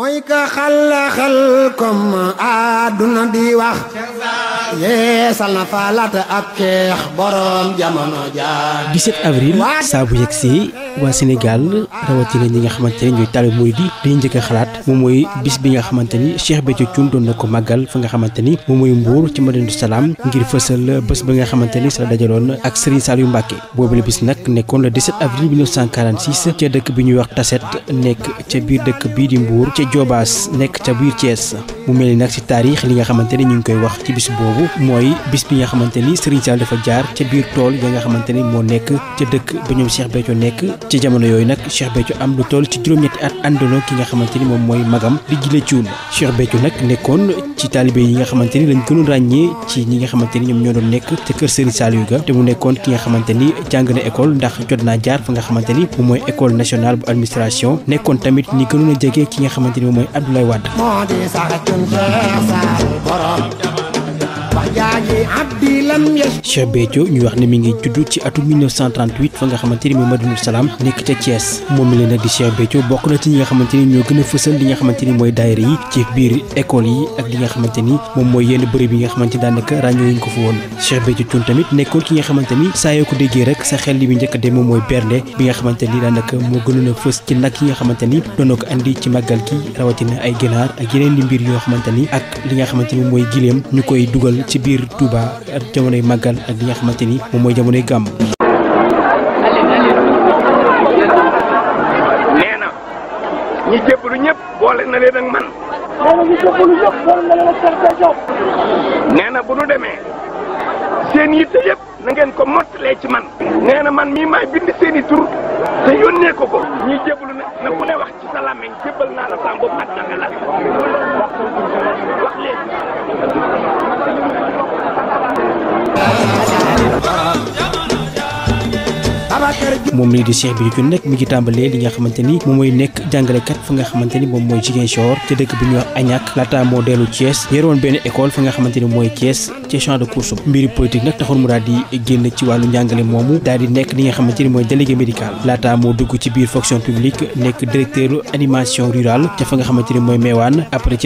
mooy ka xalla ab keex borom jamono jaar 17 avril saa bu yegsee waa Sénégal rawatina ñi nga xamante ne ñooy taalibe murid yi njëkk a xalaat moom mooy bis bi nga xamante ni Cheikh Béthio Thioune doon na ko màggal fa nga xamante ni moom mooy Mbuur ci ma Madinatu Salaam ngir fësal bés ba nga xamante ni sa la dajaloon ak Serigne Saliou Mbacké boobu la bis nag nekkoon le 17 avril 1946 ca dëkk bi ñuy wax Tasset nekk ca biir dëkk bi di Mbuur Diobaas nekk ca biir Thiès mu mel ni nag si taarix li nga dafa jaar ca biir tool ya nga xamante ni moo nekk ca dëkk ba ñoom nekk ci jamono yooyu nag Cheikh Béthio am lu tool ci juróom-ñetti at àndono ki nga xamante ni moom mooy magam di Jile Cuun Cheikh Béthio nag nekkoon ci taalibe yi nga xamante ni lañ gënoon ràññee ci ñi nga xamante ni ñoom ñoo doon nekk te kër Serigne Saliou te mu nekkoon ki nga xamante ni jàng na école ndax jot naa jaar fa nga xamante ni moom mooy école nationale bu administration nekkoon tamit ñi gënoon a jege ki nga xamante xamante ni mooy Abdoulaye Wade. moo di sax Cheikh Béthio ñu wax ne mi ngi judd ci atum 1938 fa nga xamante ni mooy Madinul Salaam nekk ca Thiès moom la nag di Cheikh Béthio bokk na ci ñi nga xamante ñoo gën a fësal nga xamante ni mooy daayira yi ci biir école yi ak li nga xamante moom mooy yenn bërëb yi nga xamante ni daanaka ràññoo ñu ko fa woon Cheikh Béthio Thioune tamit nekkoon ki nga xamante ni saa yoo ko déggee rek sa xel li bi njëkk a dem moom mooy bernde bi nga xamante ni daanaka moo gënoon a fës ci nag yi nga xamante ni doon ko gi rawatina ay li mbir yoo xamante ni ak li nga xamante ni mooy giléem ñu koy dugal ci biir Touba jamonoy màggal ak li nga xamante ñi jébbalu ñëpp boole na leen ak man. nee bu nu demee seen yitte yëpp na ko mottalee ci man. nee man mii maay bind seen tur te yónnee ko ko. ñi jébbalu nag na ku ne wax ci sa làmmiñ jébbal naa la sàmm boobu ak naka la moom lii di Cheikh Béthio Thioune nag mi ngi tàmbalee li nga moom mooy nekk jàngalekat fa nga xamante moom mooy Ziguinchor ci dëkk bi ñuy wax laata moo dellu Thiès yoroon benn école fa nga xamante ni mooy Thiès ci champ de course mbiri politique nag taxoon mu daal génn ci wàllu njàngale moomu daal nekk li nga mooy délégué médical laata moo dugg ci biir fonction publique nekk directeur animation rurale ca fa nga xamante mooy Mewane après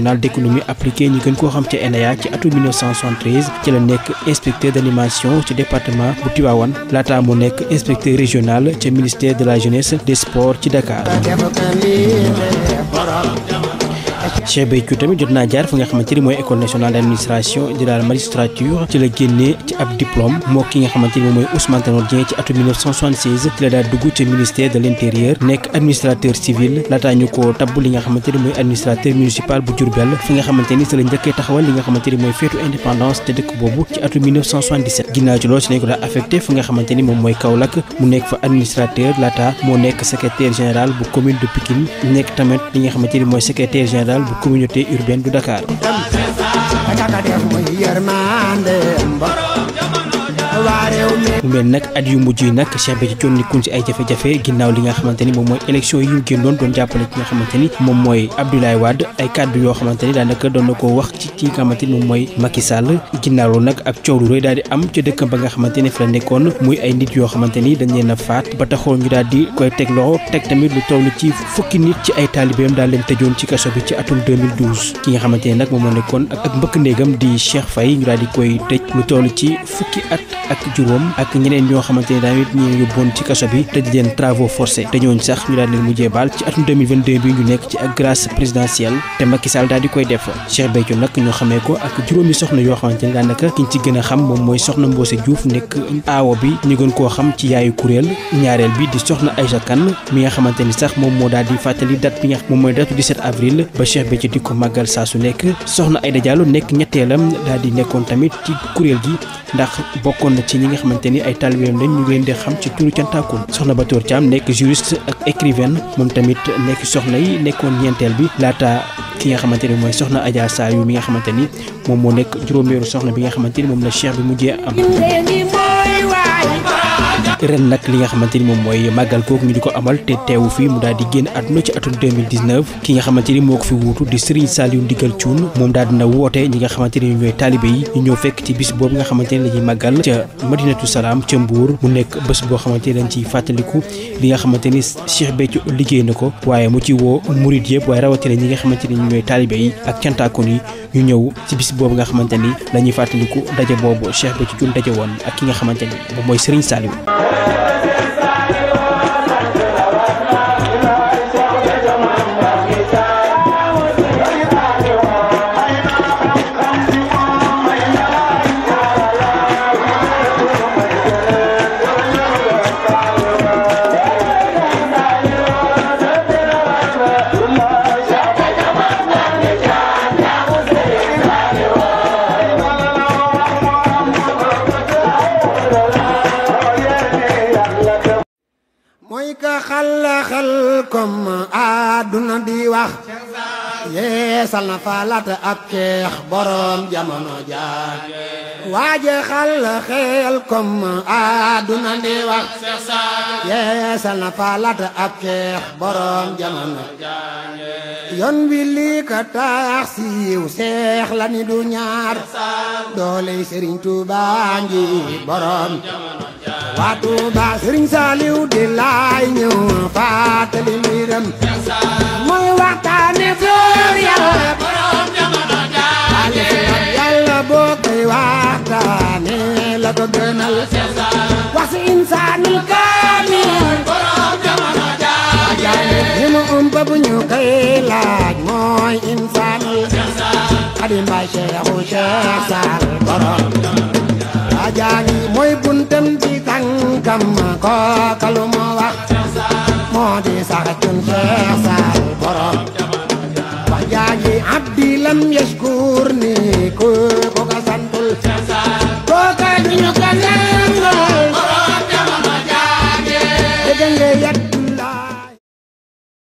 national d'économie appliquée ñu gën koo xam ca ENEA ci atum 1973 ci la nekk inspecteur d'animation ci département bu Tivaouane laata mu nekk inspecteur régional ca ministère de la jeunesse des sports ci Dakar. Cheikh Béthio tamit jot naa jaar fi nga xamante mooy école nationale d' administration de la ci la génnee ci ab diplôme moo nga xamante mooy Ousmane Tanor Dieng ci atum ci la daal dugg ci ministère de l' nekk administrateur civil laataa ñu ko tabb li nga xamante mooy administrateur municipal bu Diourbel fi nga xamante ni la njëkkee taxawal li nga xamante mooy feetu indépendance te dëkk boobu ci atum ginnaaw ci loolu communauté urbaine du Dakar. waa réew mi mu mel nag at yu mujj yi nag Cheikh Béthio Thioune nekkoon si ay jafe-jafe ginnaaw li nga xamante ni moom mooy élection yi mu génnoon doon jàppale ki nga xamante ni moom mooy Abdoulaye Wade ay kàddu yoo doon na koo wax ci ki mooy Macky Sall ginnaaw loolu nag ak coow lu rëy daal di am ca dëkkam ba nga xamante ni fa la nekkoon muy ay nit yoo xamante ni dañ leen a faat ba taxoon ñu daal di koy teg loxo teg tamit lu toll ci fukki nit ci ay taalibeem daal leen tëjoon ci kaso bi ci atum 2012 ki nga xamante ni nag moom moo nekkoon ak mbëkk néegam di Cheikh Faye daal di koy tëj lu toll ci fukki at ak juróom ñeneen ñoo xamante ne daawit ñu yóbboon ci kaso bi tëj leen travaux forcés te sax ñu daal leen ci bi ñu nekk ci ak grâce présidentielle te Macky Sall di koy def Cheikh Béthio nag ñoo xamee ko ak juróomi soxna yoo xamante daanaka kiñ ci gën a xam moom mooy soxna Mbossé Diouf nekk aawo bi ñu gën koo xam ci yaayu kuréel ñaareel bi di soxna Aïcha Kane mi nga xamante ni sax moom moo daal di fàttali date bi nga moom mooy date 17 avril ba Cheikh Béthio di ko màggal saa su nekk soxna Aïda Diallo gi ndax bokkoon na ci ay taalibeem lañ ñu leen di xam ci turu Cantakun soxna Batoor Thiam nekk juriste ak écrivaine moom tamit nekki soxna yi nekkoon ñeenteel bi laata ki nga xamante ni mooy soxna Adja Saayu mi nga xamante ni moom moo nekk juróomeeru soxna bi nga xamante ni moom la cheikh bi mujjee am. ren nag li nga xamante ni moom mooy màggal kooku ñu di ko amal te teewu fi mu daal di génn àdduna ci atum 2019 ki nga xamante ni moo ko fi wuutu di Serigne Saliou Ndigal Thioune moom daal dina woote ñi nga xamante ni ñooy taalibe yi ñu ñëw fekk ci bis boobu nga xamante ni lañuy màggal ca Madinatu Salaam ca Mbour mu nekk xamante ni dañ li nga ko waaye mu ci woo murid yëpp waaye rawatina ñi nga xamante ni ñooy taalibe yi ak cantaakon yi ñu ñëw ci bis boobu nga xamante ni la ñuy fàttaliku daje boobu Cheikh Béthio Thioune daje woon ak ki nga xamante ni moom mooy Serigne Saliou Gracias. ka xalla xalkom àdduna di wax yeesal na faalata ab ceex boroom jamono jaar waaje xal xeel kom àdduna di yeesal na faalata ab ceex boroom jamono yoon wi lii ka siiw seex la ni du ñaar dooley Sëriñ Tuubaa ngi boroom faatu ba sëriñ Saaliw di laay ñëw faatali mbiram mooy waxtaane góor yàlla borom jamono jaale yàlla boo koy waxtaane la ko wax si insaanul kaamil borom jamono jaale li mu umpa bu ñu koy laaj mooy insaanul xadim bay Cheikhu Cheikh Sall borom jamono jaale gamma kooka lu mu wax moo di sax cun Cheikh Sall borom wax jaaji abdi lam yashkur ni ko